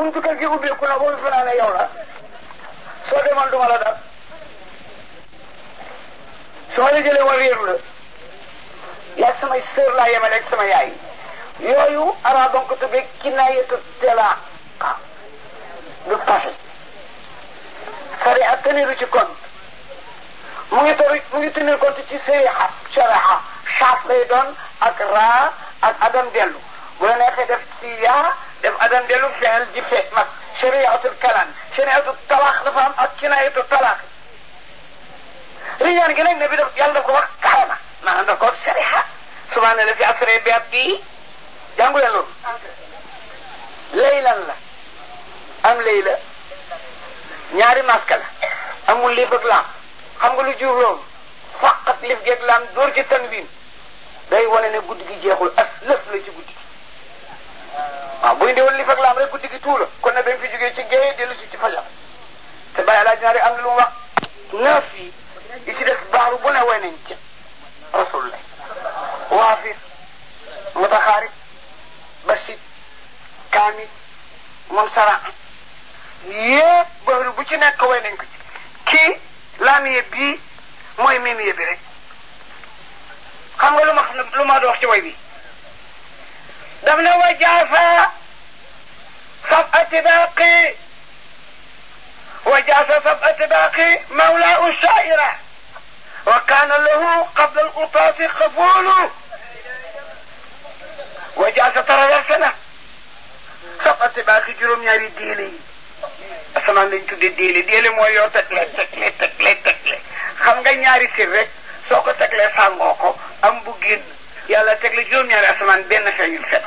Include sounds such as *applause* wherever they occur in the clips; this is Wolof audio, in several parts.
buntu kër gi ubbeeku na boo fi naa ne yow la soo demoon duma la dal soo la jëlee woon réeru la yaa samay sœur laa yemale ak sama yaay yooyu arab donc tuddee kinaayatu talaq du passé sariya teniru ci compte mu ngi toru mu ngi tenir compte ci sariya sharaha shaaf lay doon ak raa ak adam dellu bu la neexee def ci yaa def adam dellu fexel di fe mag chariatul kalaan chariatul talaax dafa am ak kinaayatul talaax riñaan gi nag ne bi daf yàlla daf ko wax kalama maanaam daf ko wax sharia subhaana la fi asra bi abdihi jàngu leen loolu laylan la am layla ñaari masque la amul lif ak laam xam nga lu juub loolu faqat lif geeg laam dóor ci tanwin day wane ne guddi gi jeexul as lëf la ci guddi gi waaw bu indi woon li fekk laam rek guddi gi tuula kon nag ba fi jógee ci géej dellu si ci fajar te bàyyi laaj naa rek am na lu mu bu ne way nañ ci nekk way nañ bi rek xam nga lu ma lu ma dox ci way bi دمنا وجافا صف باقي وجاف صف باقي مولاء الشائرة وكان له قبل القطاف قفول وجاف ترى سنة صف باقي جرم ياري ديلي اسمع لن تدي ديلي ديلي مو يو تكلي تكلي تكلي تكلي خمغي ياري سيرك سوكو تكلي سانغوكو ام بوغين yàlla teg la juróom-ñaari benn feeñul fet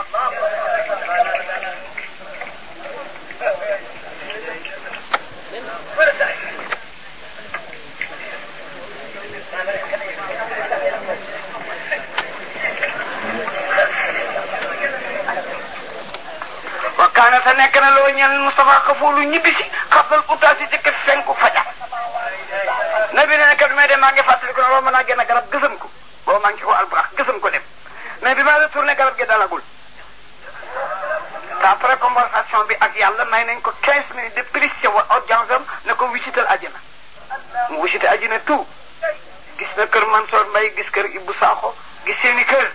kaana te nekk na loo ñeel Moustapha Xafoolu ñibbisi xabal utaasi ci fenku faja nabi nee na de maa ngi fàttali ko loolu mën naa génn garab gësam ko boobu maa ngi ko albra mais bi ma la tourné garab gi dalagul te après conversation bi ak yàlla may nañ ko 15 minutes de plus ci wa audience am na ko wisital àjjana mu wisite àjjana tout gis na kër Mansoor Mbay gis kër Ibou Sakho gis seeni kër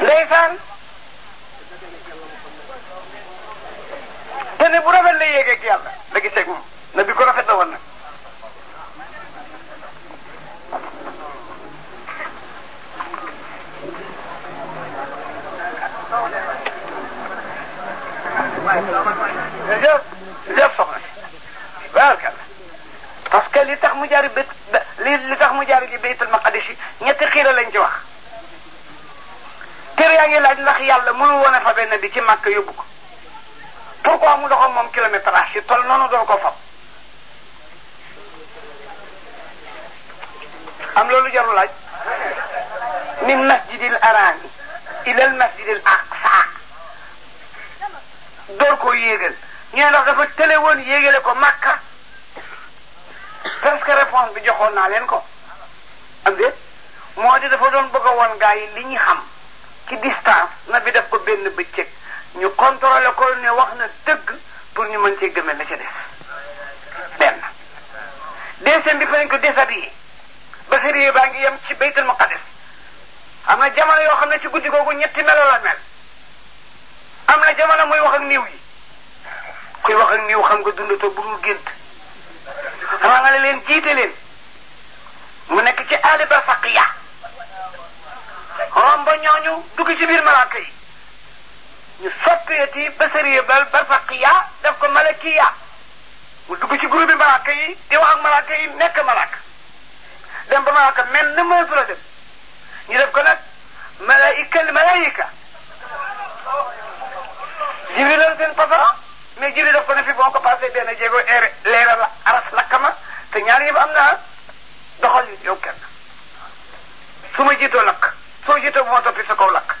ndeysaan te ne bu rafet la yéegeeg yàlla la giseeg moom na bi ko rafet la woon nag mu jaari bét li li tax mu jaari ji baytul maqdis yi ñetti xiira lañ ci wax téere yaa ngi laaj ndax yàlla mënu woon a fa benn bi ci màkk yóbbu ko pourquoi mu doxoon moom kilométrage si tol noonu doon ko fab am loolu jaru laaj min masjidil araami ilal masjidil aqsa door ko yéegal ñu ne ndax dafa tële woon yéegale ko màkka téléphone bi joxoon naa leen ko ak déet moo di dafa doon bëgg a woon gaa yi li ñu xam ci distance na bi def ko benn bëccëg ñu contrôlé ko ne wax na dëgg pour ñu mën cee gëmee na ci des benn deuxième bi fa nañ ko déshabillé basarié baa ngi yem ci baytul muqaddas am na jamono yoo xam ne ci guddi googu ñetti melo la mel am na jamono mooy wax ak niiw yi kuy wax ak niiw xam nga dundatoo bu mu gént moomale leen jiite leen mu nekk ci àll ba faqiya romb ñooñu dugg ci biir malaaka yi ñu soppeeti basariya bal ba faqiya def ko ci groupe bi malaaka yi di wax malaaka yi nekk malaaka dem ba malaaka mel na mënatu dem ñu def ko nag malaikal malaika jibril la seen pasara mais jibril daf ko ne fi boo ko passé benn jéego leeral araf te ñaar yëpp am naa doxal yow kenn su ma jiitoo lakk soo jiitoo bu ma toppi sa kaw lakk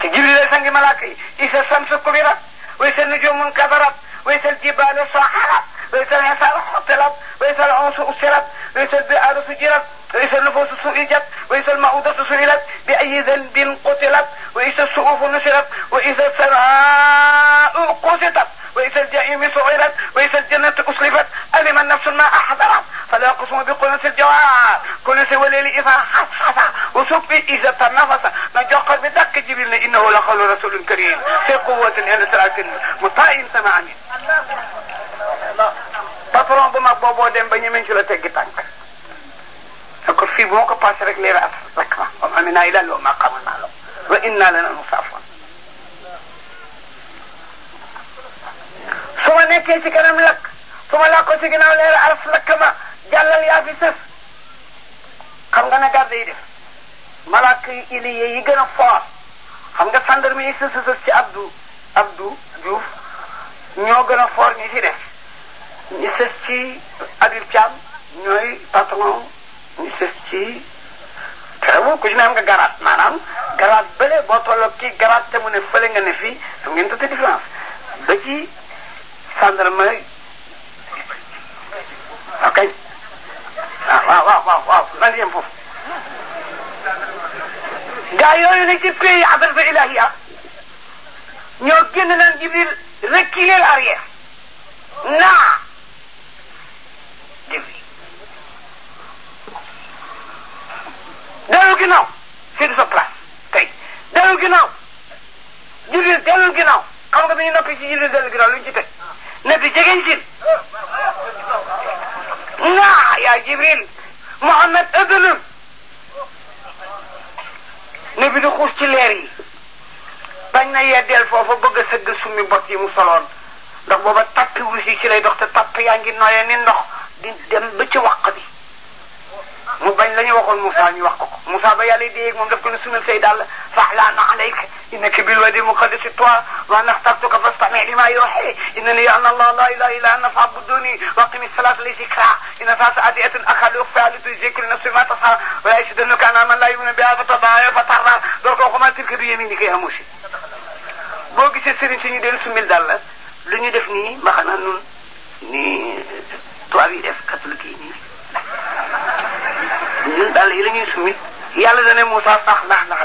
te jibril ay sangi malaaka yi isa samsa kubira waysa nujumun kadarat waysa aljibalu saharat waysa alhisaru hutilat waysa alonsu usirat waysa albiaru sujirat وإذا النفوس سئلت وإذا المعودة سئلت بأي ذنب قتلت وإذا الصحف نشرت وإذا السماء قسطت وإذا الجحيم سعرت وإذا الجنة أسلفت ألم النفس ما أحضرت فلا قسم بكنس الجوار كنس والليل إذا حصحص وسب إذا تنفس نجاق بدق جبريل إنه لقول رسول كريم في قوة عند سرعة مطاع سمعني أمين patron bu mag booboo dem ba ñemeñ ci la teggi tànk d'accord fii bu ma ko passé rek leer as rek ma xam amina ila lo ma xamal naa lo wa inna lana nekkee ci kanam lakk su ma làkkoo ci ginnaaw leer aras lakk ma jàllal yaa fi sës xam nga na garde yi def malaaka yi ilie yi gën a foor xam nga gendarme yi sës sës ci Abdou Abdou Diouf ñoo gën a foor ñi ci def ñu sës ci Habib Thiam ñooy patron ñu sës ci teewul ku ci nga garaat maanaam garaat bële boo tolloo ki garaat te mu ne fële nga ne fii xam ngeen tuuti différence ba ci sàndarma waaw kañ ah, waaw waaw waaw waaw lan yem foofu gaa yooyu nekk ci pays affaire ba ilahiya ñoo génn naan Jibril reculer arrière naa dégg dellu ginnaaw c'est sa place tey dellu ginnaaw Jibril dellu ginnaaw xam nga bi ñu noppi ci Jibril dellu ginnaaw lu ñu ci نبي تنزل نا يا جبريل محمد ابنه نبي نخش ليري بنا يدل فوف بغ سغ سمي بطي مصلون دا بابا تابي وسي سي لاي دوخ تابي ياغي نوي ني نوخ دي ديم بيتي واخ بي مو بن لاني واخون موسى ني واخ موسى با يالي ديك موم داف كن سمي سي دال فاحلان عليك إنك بالوادي المقدس طوى وأنا اخترتك فاستمع لما يوحي إنني أنا الله لا إله إلا أنا فاعبدوني وأقم الصلاة لذكرى إن فاس أدية أخلو فعل لتذكر نفسي ما تصحى ولا يشدنك أنا من لا يؤمن بها فتضايع فترى دورك وما تلك بيمينك يا موشي بوكي gisee سيني دين ñu deen لن يدفني ما خانا نون ني nii ma xanaa ني نون دالة yi def catholique yi nii ñun dal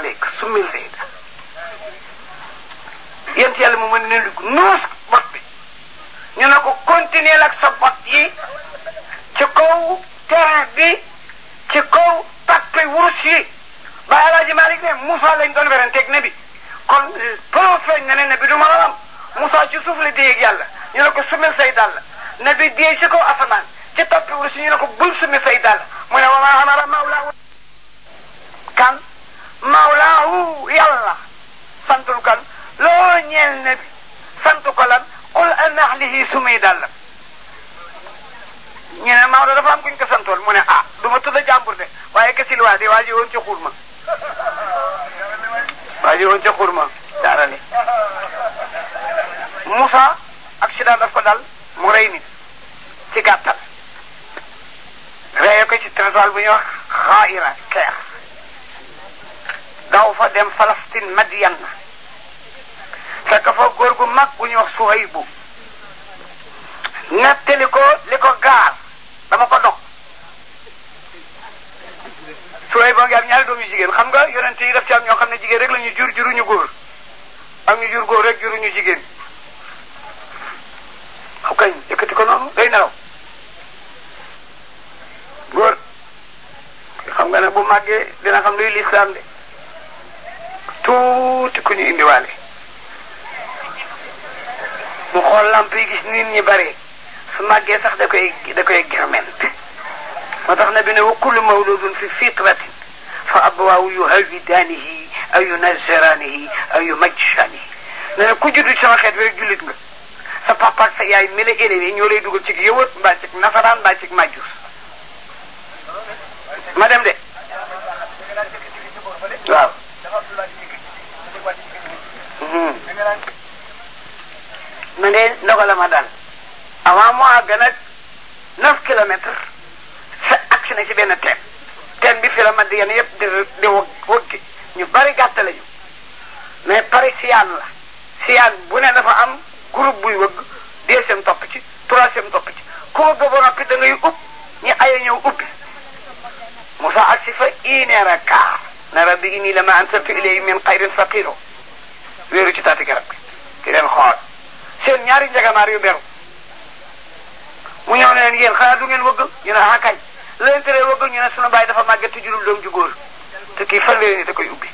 yi la ne lu nuus bot ñu ne ko continuer ak sa bot ci kaw terrain ci kaw pappe wurus yi ba Alaaji Malik ne Moussa lañ doon weranteeg ne kon profet na ne ne bi du moroomam Moussa ci suuf la dee yàlla ñu ne ko sumil say dàll ne bi ci kaw asamaan ci pappe wurus ñu ne ko bul sumil say dàll mu ne wama amara mawlaahu kan mawlaahu yàlla santul kan loo ñeel ne sant ko lan qul an ahlihi sumuy dàllam ñu ne Maodo dafa am kuñ ko santoon mu ne ah du ma tudd jàmbur de waaye kesil waa di waa ji woon ci xurma waa ji woon ci xurma daara ni Moussa accident daf ko dal mu rey nit ci gàttal reye ko ci territoire bu ñuy wax xaayira keex daw fa dem Palestine Madiyan fekk fa góor gu mag bu ñuy wax Suhaybu nettali ko li ko gaar dama ko dog Suhaybu ngi am ñaari doom yu jigéen xam nga yonent yi daf ci am ñoo xam ne jigéen rek la ñu jur juruñu góor am ñu jur góor rek juruñu jigéen aw kañ yëkkati ko noonu day nelaw góor xam nga ne bu màggee dina xam luy lislaam de tuuti ku ñu indiwaale mu xool lamp yi gis nit ñi bari su màggee sax da koy da koy germent moo tax na bi ne wa kullu mawludun fi fitratin fa abawaahu yuhawidaanihi aw yunaziraanihi aw yumajjisaanihi nee na ku juddu ci sama xeet bi rek jullit nga sa papa ak sa yaay mi la élevé ñoo lay dugal ci yëwat mbaa ci nasaraan mbaa ci majjus ma dem de waaw ma ne ndogal ma dal avant mu àgg nag neuf kilomètres sa agsi na ci benn teen teen bi fi la man di yenn yëpp di di wëggi ñu bari gàtt lañu mais pare siyaan la siyaan bu ne dafa am groupe buy wëgg deuxième topp ci troisième topp ci ku wëgg ba noppi da ngay upp ñu aye ñëw ubbi Moussa agsi fa une heure et quart ne rabbi inni lama ansabtu ilayhi min sa faqiru wéeru ci taati garab gi di leen xool seen ñaari njagamaar yu beru mu ñëw ne leen yéen du ngeen wëgg ñu ne ah kañ wëgg ñu ne sunu baay dafa màgget te jurul doom ju góor te kii fan leen da koy ubbi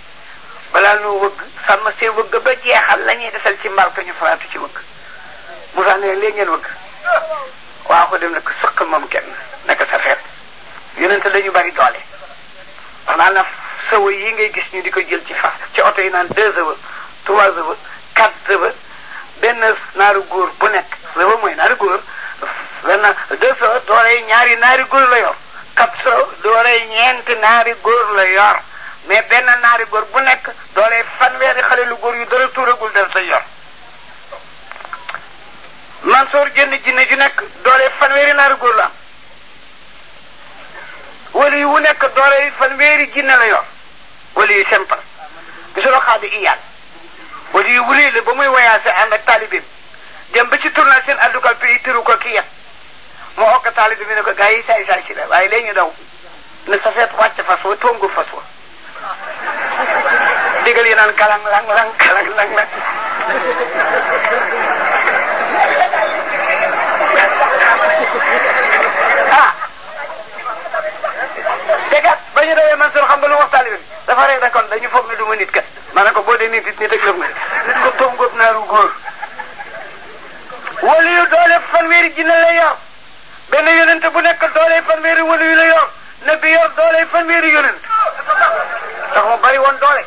balaa noo wëgg sàmm see wëgg ba jeexal la ñuy desal ci mbar ñu faraatu ci wëgg Moussa ne leen léegi ngeen wëgg waa ko dem nag sëq moom kenn naka sa feet yonente dañu bari doole wax naa na sawa yi ngay gis ñu di ko jël ci fa ci oto yi naan deux heures trois heures quatre heures benn naaru góor bu nekk loolu mooy naaru góor benn deux so dooree ñaari naari góor la yor quatre so dooree ñeenti naari góor la yor mais benn naari góor bu nekk dooree fanweeri xale lu góor yu dara tuuragul def sa yor Mansoor jënd jinne ju nekk dooree fanweeri naari góor la am wala yu wu nekk dooree fanweeri jinne la yor wala yu simple gisuloo xaadi iyaan wala yu wuree la ba muy voyagé ànd ak taalibeem dem ba ci tournal seen àddugal bi tëru ko kii yam mu okk taalibe bi ko gars yi saay saay si la waaye léegi ñu daw ne safeet wàcc fas wa tóngu fas *laughs* wa digal yi naan kalang lang lang kalang lang lang *laughs* ah dégg nga ba ñu dawee man suñu xam nga lu wax taalibe bi kon dañu foog ne du ma nit kat ma ne ko boo demee fit ni dëkkam nga nit ko tongob naaru góor wala yu doole fanweeri jinne la yor benn yonent bu nekk doole fanweeri wala yu la yor na bi yor doole fanweeri yonent ndax mu bari woon doole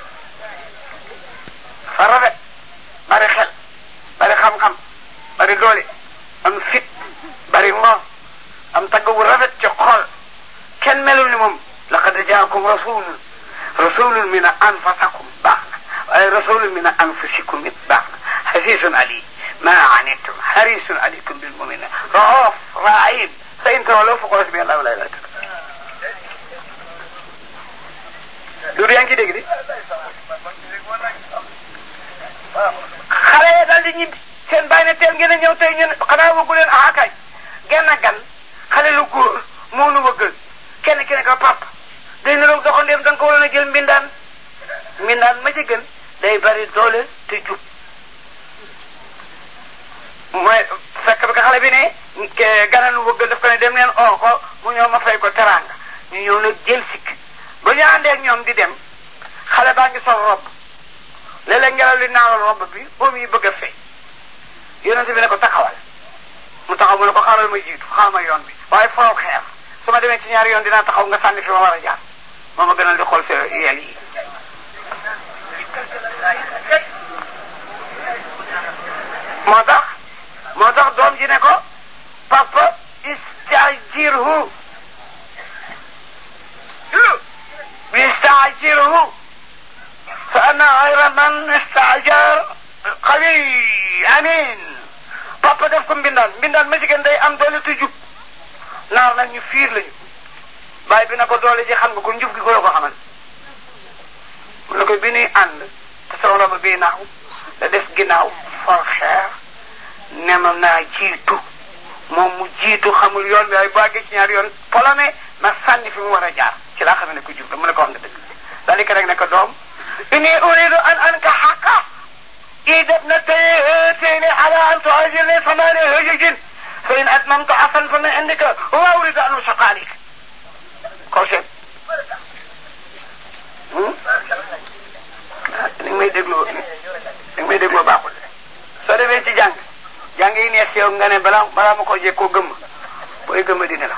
fa rafet bari xel bari xam-xam bari doole am fit bari ngor am tagg wu rafet ci xol kenn melul ni moom laqad jaakum rasulun rasulun min anfusikum waaye min anfusikum it baax na xafisun ali ma anittum xarisun aleykum bil muminin raof raib fa in tawalaw fa qul hasbiya allahu la ilaha illa yaa ngi dégg de xale daal di ñibbi seen bàyyi ne teel ngeen a ñëw tey ñun xanaa wëggu leen gan xale lu góor moo nu wëggal kenn kenn ko papa dañ ne loolu doxandeem da jël mbindaan mbindaan ma ci gën day bari doole te jub mooy fekk bi nga xale bi ne gananu wëgg daf ko ne dem leen oo ko mu ñëw ma fay ko teraanga ñu ñëw nag jël sikk ba ñu àndee ak ñoom di dem xale baa ngi sol robb léeg-léeg ngelaw li naawal robb bi boom yi bëgg a fay yonente bi ne ko taxawal mu taxaw mu ne ko xaaral ma jiitu xaaral yoon bi waaye foofu xeer su ma demee ci ñaari yoon dinaa taxaw nga sànni fi ma war a jaar moo ma gënal di xool sa yel yi moo tax moo tax doom ji ne ko papa istajirhu istajirhu fa ana xayra man istajar xawi amin papa def ko mbindaan mbindaan ma jigéen day am doole tu jub naar nag ñu fiir lañu bàyyi bi na ko doole ji xam nga ko njub gi ko la ko xamal mu ne ko bi nuy ànd te sama roba bii ginnaaw for xeer nema naa jiitu moom mu jiitu xamul yoon bi ay baage ci ñaari yoon polome ma sànni fi mu war a jaar ci laa xam ne ko jub mu ne ko wax nga dëgg daal di ko rek ne ko doom ini uridu an an ka xaqa idab na tayni ala an tuajirni famani hujujin fa in atmamtu afan fa min indika wa uridu an ushaqa alik ko seet ni may dégloo ni may dégloo baaxul soo demee ci jàng ngi neex yow nga ne balaa balaa ma ko jékkoo gëmm booy gëmm di nelaw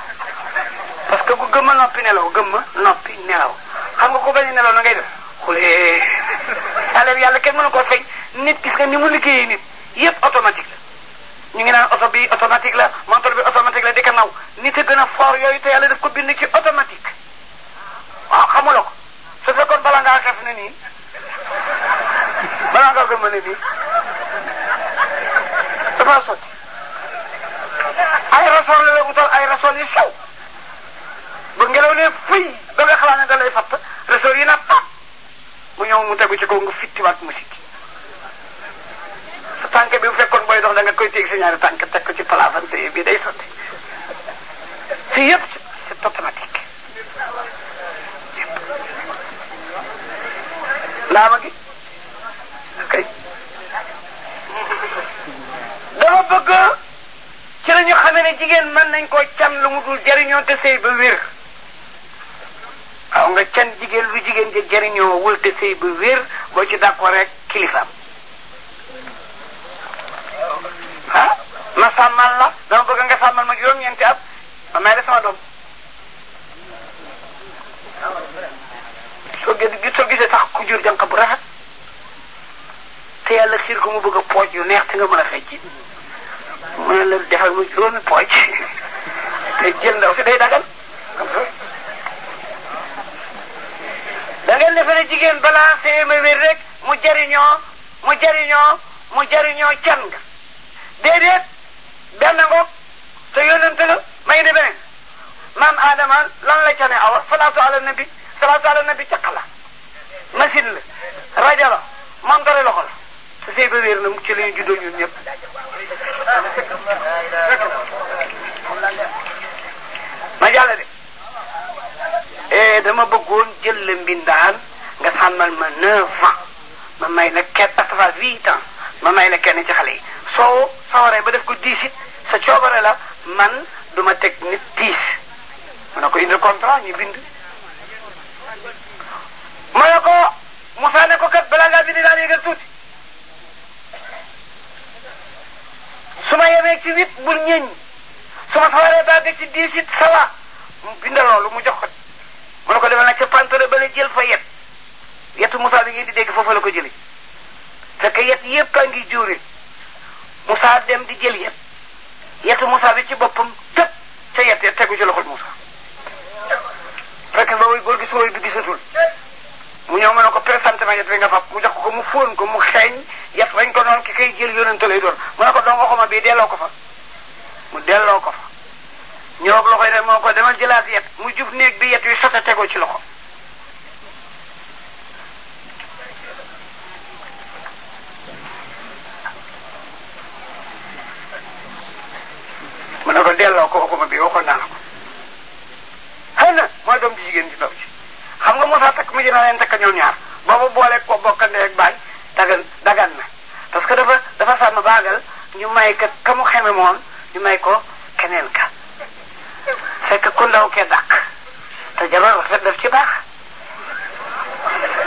parce que ku gëmm noppi nelaw gëmm noppi nelaw xam nga ko bañ a nelaw na ngay def xulee salaire yàlla kenn mënu ko fay nit gis nga ni mu liggéeyee nit yëpp automatique la ñu ngi naan oto bi automatique la moteur bi automatique la di ko naw nit a gën a fort yooyu te yàlla daf ko bind ci automatique waaw xamuloo ko su fekkoon balaa ngaa xef ne nii balaa ngaa gëmm ne nii dafaa sotti ay rasool la wutal ay rasool yu sew ba ngelaw ne fuy ba nga xalaat ne da lay fatt yi na pat mu ñëw mu tegu ci kaw nga fittiwaat mu sikki sa bi bu fekkoon booy dox da nga koy téeg sa ñaari tànk teg ko ci palafante bi day sotti si yëpp c'est automatique yëpp laama gi ne jigéen mën nañ koo can lu mu jariñoo jëriñoo ba wér waaw nga can jigéen lu jigéen ja jëriñoo wul te ba wér boo ci d'accord rek kilifaam ah ma sàmmal la dama bëgg nga sàmmal ma juróom-ñeenti at ma may la sama doom soo gis soo gisee sax ku jur bu rafet te yàlla xiir ko mu bëgg a pooj yu neex te nga mën a fecc mu ne la defal ma juróomi pocc te jël ndaw si day dagal da ngeen defe ne jigéen balaa ma wér rek mu jariñoo mu jariñoo mu jariñoo can déedéet benn ngoog te yónnante may de beneen maam Adama lan la cane awa salaatu ala nabi salaatu ala nabi caq la la rajo la montre loxo sëy ba wéer na ci la ñu juddoo ñun ñëpp ma jàllale eh, dama bëggoon jël la mbindaan nga sàmmal ma neuf ma may la kenn parce ma may la kenn ci xale yi soo sawaree ba def ko dix it sa coobare la man duma teg nit dix ma ne ko indi contrat ñu bind ma ne ko Moussa ko kat balaa ngaa bind daal yëgal ma yemee ci huit bul ñeñ su ma sawaree bàgg ci dix it sawa bindal loolu mu jox ko mu ne ko demal na ca pantere ba la jël fa yet yetu Moussa bi ngeen di dégg foofu la ko jëlee fekk yet yëpp kaa ngi juuri Moussa dem di jël yet yetu Moussa bi ci boppam tëb ca yet ya tegu ci loxol Moussa fekk ba way góor gi sooy bi gisatul mañet bi nga fab mu jox ko mu fóon ko mu xeeñ yat bañ ko noonu ki koy jël yonente lay doon mu ne ko doom waxuma bii delloo ko fa mu delloo ko fa ñëw ak loxoy rek moo ko demal ma yet néeg bi yet yu sote ci loxo mu ko delloo ko waxuma bii waxoon naa ko xëy na doom ji jigéen ji ndaw ji xam nga moo tax takk mu jëna leen takk ñoom ñaar ba mu booleeg ko bokkal ndey ak baay dagan dagan na parce que dafa dafa sàmm baagal ñu may ka ka mu xeme moom ñu may ko keneen ka fekk ku ndaw ke dàq te jabar rafet daf ci baax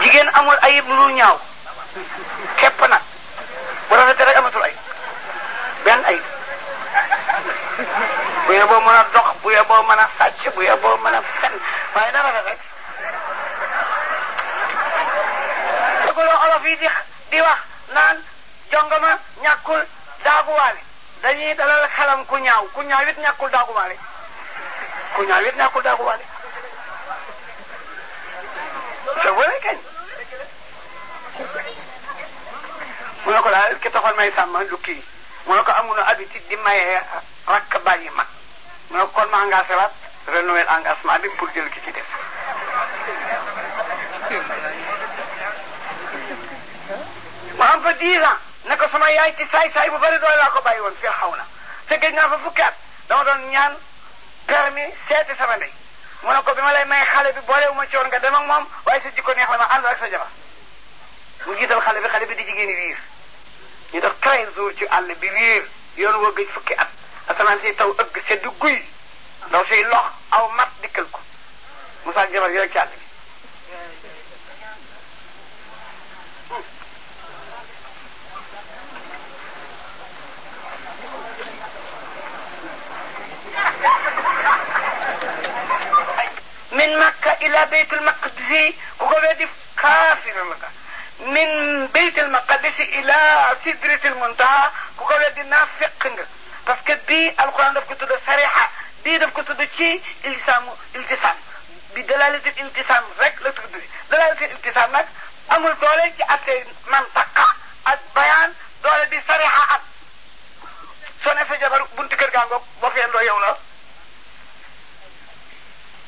jigéen amul ayib lu ñaaw képp nag bu rafetee amatul ayib benn ayib bu yeboo mën a dox bu yeboo mën a sàcc bu yeboo mën a fen waaye na rafet rek fii di di wax naan jongama ñàkkul daaguwaale dañuy dalal xelam ku ñaaw ku ñaaw it ñàkkul daaguwaale ku ñaaw it ñàkkul daaguwaale c'est vrai kañ mu ne ko daal ki taxoon may sàmm du kii mu ne ko amuñu habitude di mayee rakk bàyyi mag mu ne ko kon ma engagé waat renouveler engagement bi pour jël ki ci def محمديزا naka sama yaay ci saay saay bu bari doole laa ko bàyyi woon fii xaw na te gëj naa fa fukki at dama doon ñaan permis seeti sama ndey mu ne ko bi ma lay may xale bi boolewu ma ci woon nga dem ak moom waaye sa jikko neex la ma ànd ak sa jabar mu jiital xale bi xale bi di jigéen yi riir ñu def treize jours ci àll bi riir yoon woo gëj fukki at asamaan si taw ëgg seddu guy ndaw siy lox aw mat dikkal ko mu saak jabar yi rek ci àll من مكة إلى بيت المقدس كوكو كافر لك من بيت المقدس إلى سدرة المنتهى كوكو بيدي نافق بس كدي القرآن دفك تدى صريحة دي دفك تدى شيء إلتسام إلتسام بدلالة الإلتسام رك لتكدري دلالة الإلتسام أمر دولك أتى منطقة البيان دولة بصريحة سنة في جبل بنتكر كامو بفين رأيونا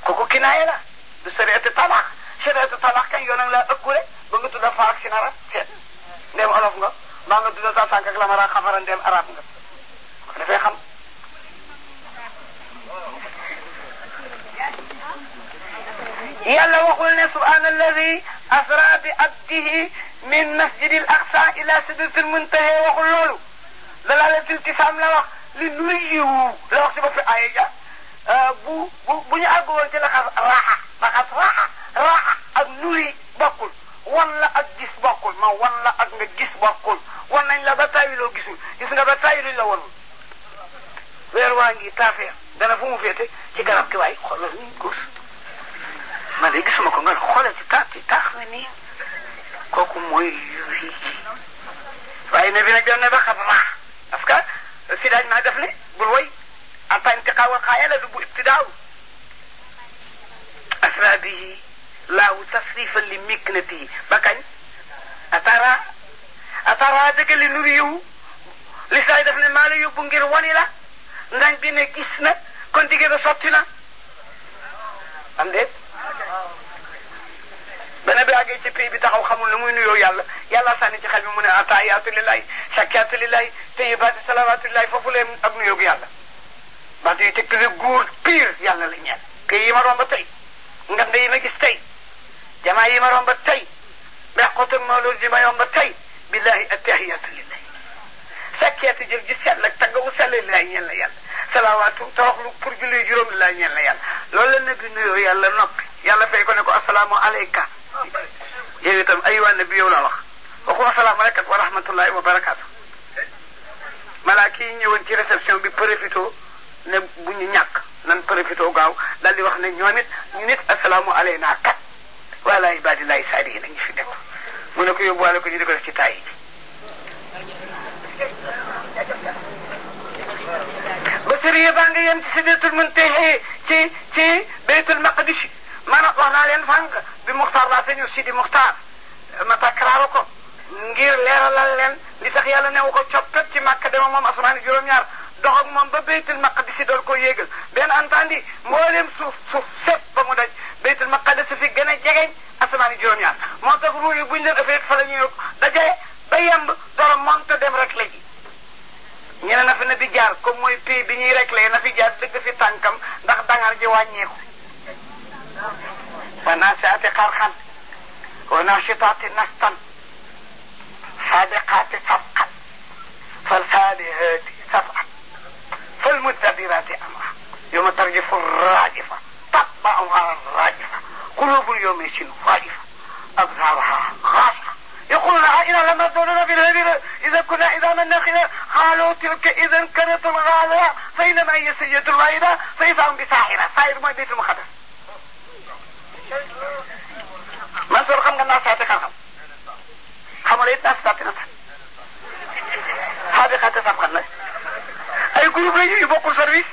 kooku kinaaya la du sariati talaq sariati talaq kañ yoonam laa ëkkule ba nga tudda faak si arab seet ndeem olof nga maa nga tudda sa sànq ak la mara xafara ndeem arab nga ko dafay xam يلا وقلنا سبحان الذي أسرى بأبده من مسجد الأقصى إلى سدرة المنتهى وقل له دلالة التسام لوح لنريه لوح سبب في آية bu bu bu ñu àgg woon ci laxas raaxa laxas raaxa raaxa ak nuri bokkul wan la ak gis bokkul ma wan la ak nga gis bokkul wan nañ la ba tàyyi loo gisul gis nga ba tàyyi luñ la wanul weer waa ngi taafee dana fu mu féete ci garab gi waaye xoolal ni guus man de gisuma ko nga xoolal ci taax ci taax mi nii kooku mooy lii waaye ne bi nag dem na ba xam raax parce que si daaj naa def ne bul way أطاين تقاوى خيالة لبو ابتداء أسرى به له تصريفا لمكنته بكين أترى أترى هذا اللي نريه لسايدة فن مالي يبون جروان إلا نعم بينا كيسنا كنت جيدا صوتنا أم ديت بنا بيأجي تبي بتاعه خمول لمو نيو يلا يلا ساني تخلي من أطايات لله شكيات لله تيبات سلامات لله ففولي أبنيو يلا bant te tegtale góor pire yàlla la ñeel këy yi ma romb tey ngand yi ma gis tey jamaa yi ma romb tey beqotak mawlud yi ma yomb tey billahi attahiyatu lillahi sakkeeti jëf ji sell ak taggawu sell lillahi ñeel na yàlla salawaatu tawaxlu pour julli juróom lillahi ñeel na yàlla loolu la nabi nuyoo yàlla noppi yàlla fay ko ne ko asalaamu aleyka yow itam aywa nabi yow la wax waxu asalaamu aleyka wa rahmatullahi wa barakaatu malaaka yi ñëwoon ci réception ne bu ñu ñàkk nan profité gaaw daal di wax ne ñoom it ñu nit asalaamu alayna kat wala ibadillahi saalihin nañu fi nekk mu ne ko yóbbuwaale ko ñu di ko def ci taay yi ba sëriñ baa nga yem ci sidratul muntaha ci ci baytul maqdis maanaam wax naa leen fànq bi muxtaar laa sañu si di muxtaar ma takkaraara ko ngir leeralal leen li tax yàlla newu ko coppet ci màkk dema moom asamaani juróom-ñaar dox ak moom ba baytul maqdis dool ko yéegal benn antandi mboolem suuf suuf sépp ba mu daj baytul maqdis fi gën a jegeñ asamaani juróom-ñaar moo tax ruu yi buñ leen ëffee fa la ñuy dajee ba yemb dara monte dem rek la ji ñu ne na fi na fi jaar comme mooy pays bi ñuy réglé na fi jaar dëgg fi tànkam ndax dangar ji wàññeeku wa naasiaati xarxan wa naasitaati nastan saabiqaati sabqan falsaalihaati sabqa المدبرات أمرا يوم ترجف الرادفة تطبعها الرادفة قلوب اليوم يشن واجفة أبصارها خاصة يقول لها إنا لما دولنا في الهدير إذا كنا إذا من منخنا قالوا تلك إذا كانت الغالة فإنما هي سيد الرائدة فإذا هم بساحرة ساحر ما بيت المقدس منصور خم قلنا ساعتك خم خم وليتنا ساعتنا هذه قد تسبقنا groupe lañu yu bokkul service.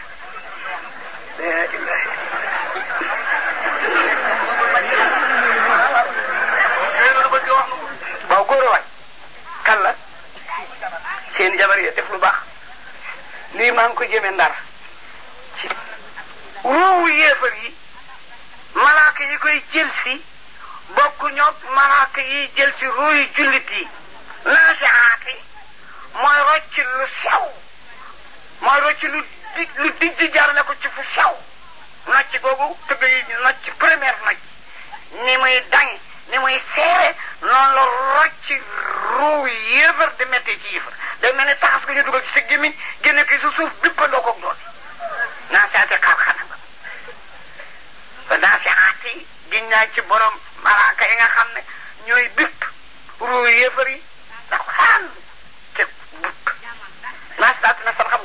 waaw góor a waay. kan la. seen jabar ya def lu baax. lii maa ko jëmee ndar. ci ruuwu yi. malaaka yi koy jël si. bokk ñoom malaaka yiy jullit yi. ci lu di lu dijj jaarale ko ci fu sew nocc googu tëgg yi nocc première nocc ni muy dañ ni muy seere noonu la rocc ruu yéefar di méttee ci yéefar day mel ne taxas ko ñu dugal ci sa gémmiñ suuf bippandoo koog doole naa seete xaar-xana ba ba naa si aat ci borom malaaka yi nga xam ne ñooy bipp ruu yéefar yi ndax xaan te bukk naa si na san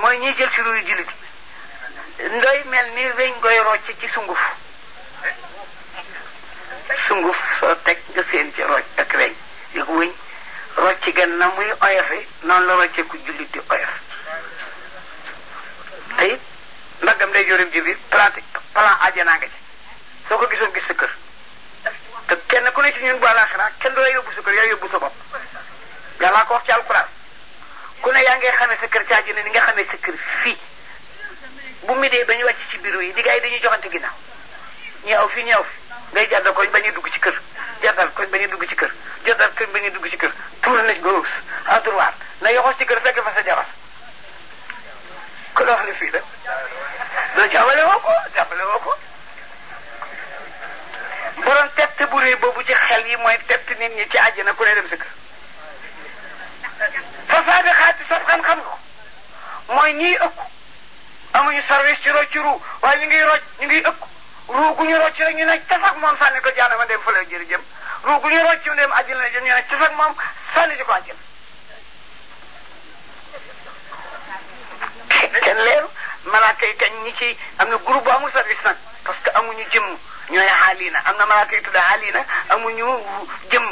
mooy ñiy jël ci ruyu jullit ndoy mel ni weñ goy rocc ci sunguf sunguf soo teg nga seen ci rocc ak weñ yëg wëñ rocc gan na muy oyofi noonu la rocce ku jullit di oyof te it ndagam day jorim ji bi pratique plan àjjanaa nga ci soo ko gisoon gis sa kenn ku ne ci ñun bu àllaaxira kenn du la yóbbu sa yaa yóbbu sa bopp yàllaa ko wax ci ku ne yaa ngee xamee sa kër caaji na ni nga xamee sa kër fii bu mi dee ba ñu wàcc ci bureau yi diggaay dañuy joxante ginnaaw ñu aw fii ñu aw fi ngay jàddal koñ bañuy dugg ci kër jàddal koñ bañuy dugg ci kër jàddal koñ bañuy dugg ci kër tourné gauche à droite na yoxos ci kër fekk fa sa jabar ku la ne fii la doo jàppale woo ko jàppale woo ko borom tett bu boobu ci xel yi mooy tett nit ñi ci àjjana ku ne dem sa kër tasaabiqaati sabqan xam-xam mooy ñiy ëkku amuñu service ci rocc ruu waaye ñu ngiy rocc ñu ngiy ëkku ruu gu ñu rocc rek ñu ne tasak moom sànni ko jaanama dem fële jëri jëm ruu gu ñu rocc dem ajjil na jëm ñu ne tasak moom sànni ji ko ajjil kenn leeru malaaka yi kañ ñi ci am na groupe bu amul service nag parce que amuñu jëmm ñooy xaalina am na malaaka yi tudd xaalina amuñu jëmm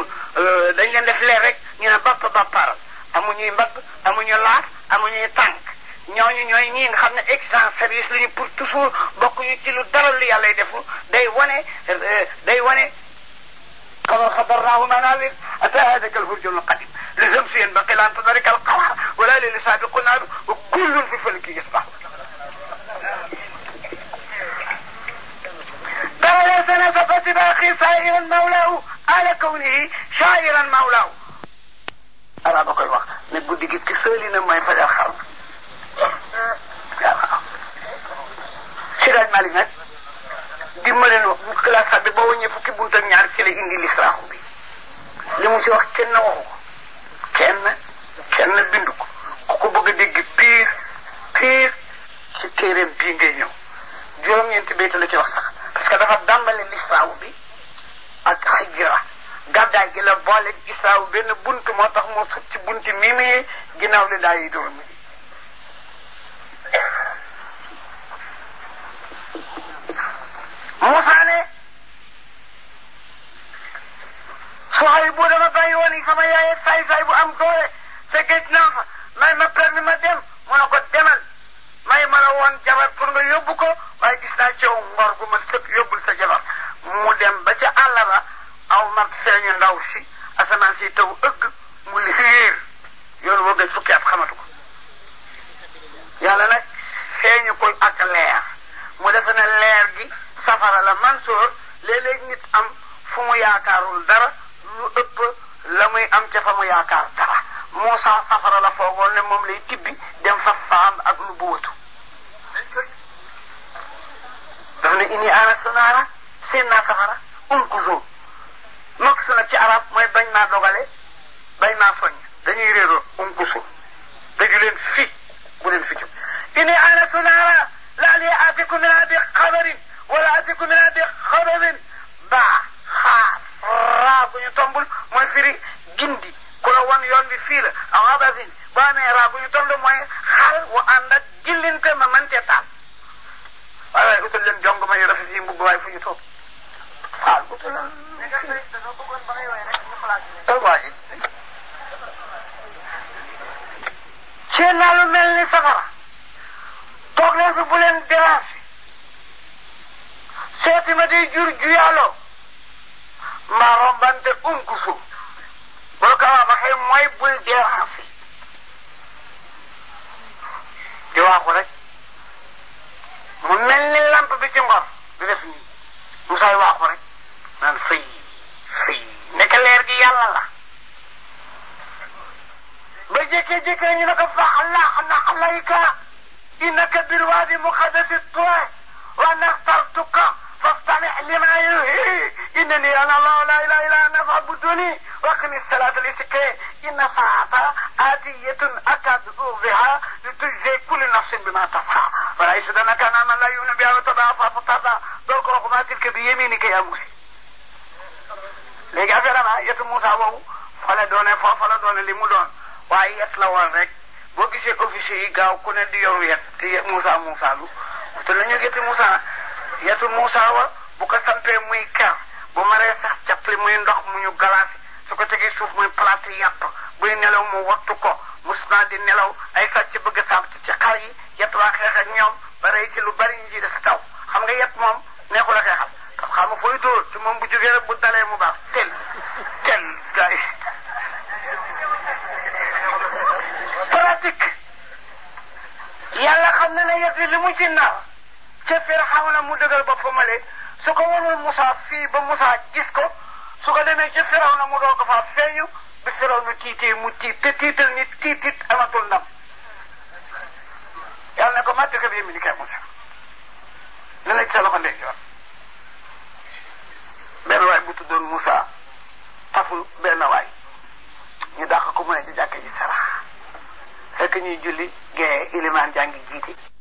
dañ leen def leer rek ñu ne bàpp bàppaara amuñuy mbagg amuñu laar amuñuy tànk ñooñu ñooy ñii nga xam ne excellence service lu ñu pour toujours bokkuñu ci lu dara lu yàlla defu day wane euh, day wane كما خبرناه منابر أتى هذاك الهرج القديم لشمس ينبغي لا أن تدرك القمر ولا ليل سابق النار وكل في فلك يسبح قال سنة فتباخي سائرا مولاه على كونه شاعرا مولاه أرى بك الوقت guddi gi ci sëli na mooy fajal xaw si daaj Malick nag dimbale nu classe ba wàññee fukki bunt ñaar ci la indi lisraaxu bi li mu ci wax kenn waxu ko kenn kenn bindu ko ku ko bëgg a dégg piir piir ci téereem bii ngay ñëw juróom-ñeenti bayt la ci wax sax parce que dafa dàmbale lisraaxu bi ak xijra koddaay gi la boole gisaaw benn bunt moo tax moo sut ci mii mimi yi ginnaaw li daay yi dóor mi Moussa ne soxay bu dama bàyyi woon yi sama yaay saay bu am doole te naa fa may ma permis ma dem mu ko demal may ma la woon jabar pour nga yóbbu ko waaye gis naa cew ngor gu ma sëkk yóbbul sa jabar mu dem ba ca àll mar feeñu ndaw si asamaan si taw ëgg mu liir yoon woo gën fukki at xamatu ko yàlla nag feeñu ko ak leer mu defe ne leer gi safara la Mansoor léeg-léeg nit am fu mu yaakaarul dara lu ëpp la muy am ca fa mu yaakaar dara Muusa safara la foogoon ne moom lay tibbi dem fa faam ak lu buutu daf ne inni aanastu naaran seen naa safara unquzuu bañ maa dogale bañ maa soññ dañuy réeroo um gusu daju leen fi bu leen fi jub ini anasu naara laa li atiku minaa bi xabarin wala atiku minaa bi xabarin baa xaa raa bu tombul mooy firi gindi ku la wan yoon bi fii la xabarin boo amee raa bu ñu tombul mooy xal wa ànd ak gillinte ma mën cee taal waaye waaye utal leen jong ma yu rafet yi mbugg waaye fu ñu toog xaal utal leen waa ji mel ni safara toog leen fi bu leen déranger ma day jur juyaaloo mbaa rombante unkusu إليك إنك بالوادي المقدس الطوى وأنا اخترتك فاصطنع لما يلهي إنني أنا الله لا إله إلا أنا فاعبدوني وقم الصلاة لسكي إن ساعة آتية أتدعو بها لتجزي كل نفس بما تسعى ولا يسدنك أنا من لا يؤمن بها وتضعف فتضع دولك وخما تلك بيمينك يا موسى léegi affaire am ah yetu Moussa woowu fa la doone foofa la doone li boo gisee officier yi gaaw ku ne di yow yet te yet Moussa Moussa lu te lu ñu gëti Moussa yetu Moussa wa bu ko sampee muy ker bu maree sax jàppale muy ndox mu ñu galaasi su ko tegee suuf muy palaati yàpp buy nelaw mu wattu ko mus naa di nelaw ay sàcc ci bëgg sàmm ci xar yi yet waa xeex ak ñoom ba rey ci lu bari ñu ci def taw xam nga yet moom nekkul a xeexal xam nga fooy dóor ci moom bu jógee rek bu dalee mu baax tel yàlla xam na ne yegg li mu ci nar ca firawna mu dëgal boppam male su ko wanul musa fii ba musa gis ko su ko demee ca firawna mu doo ko faa feeñu bi firawna tiitee mu tiit te tiital nit tiitit amatul ndam yàlla ne ko màtti ko bii mi ni kay Moussa ne la ci sa loxo ndeyjoor benn waay bu tuddoon Moussa taful benn waay ñu dàq ko mu ne ci jàkk ji sarax fekk ñuy julli गए इलेमान जी जीते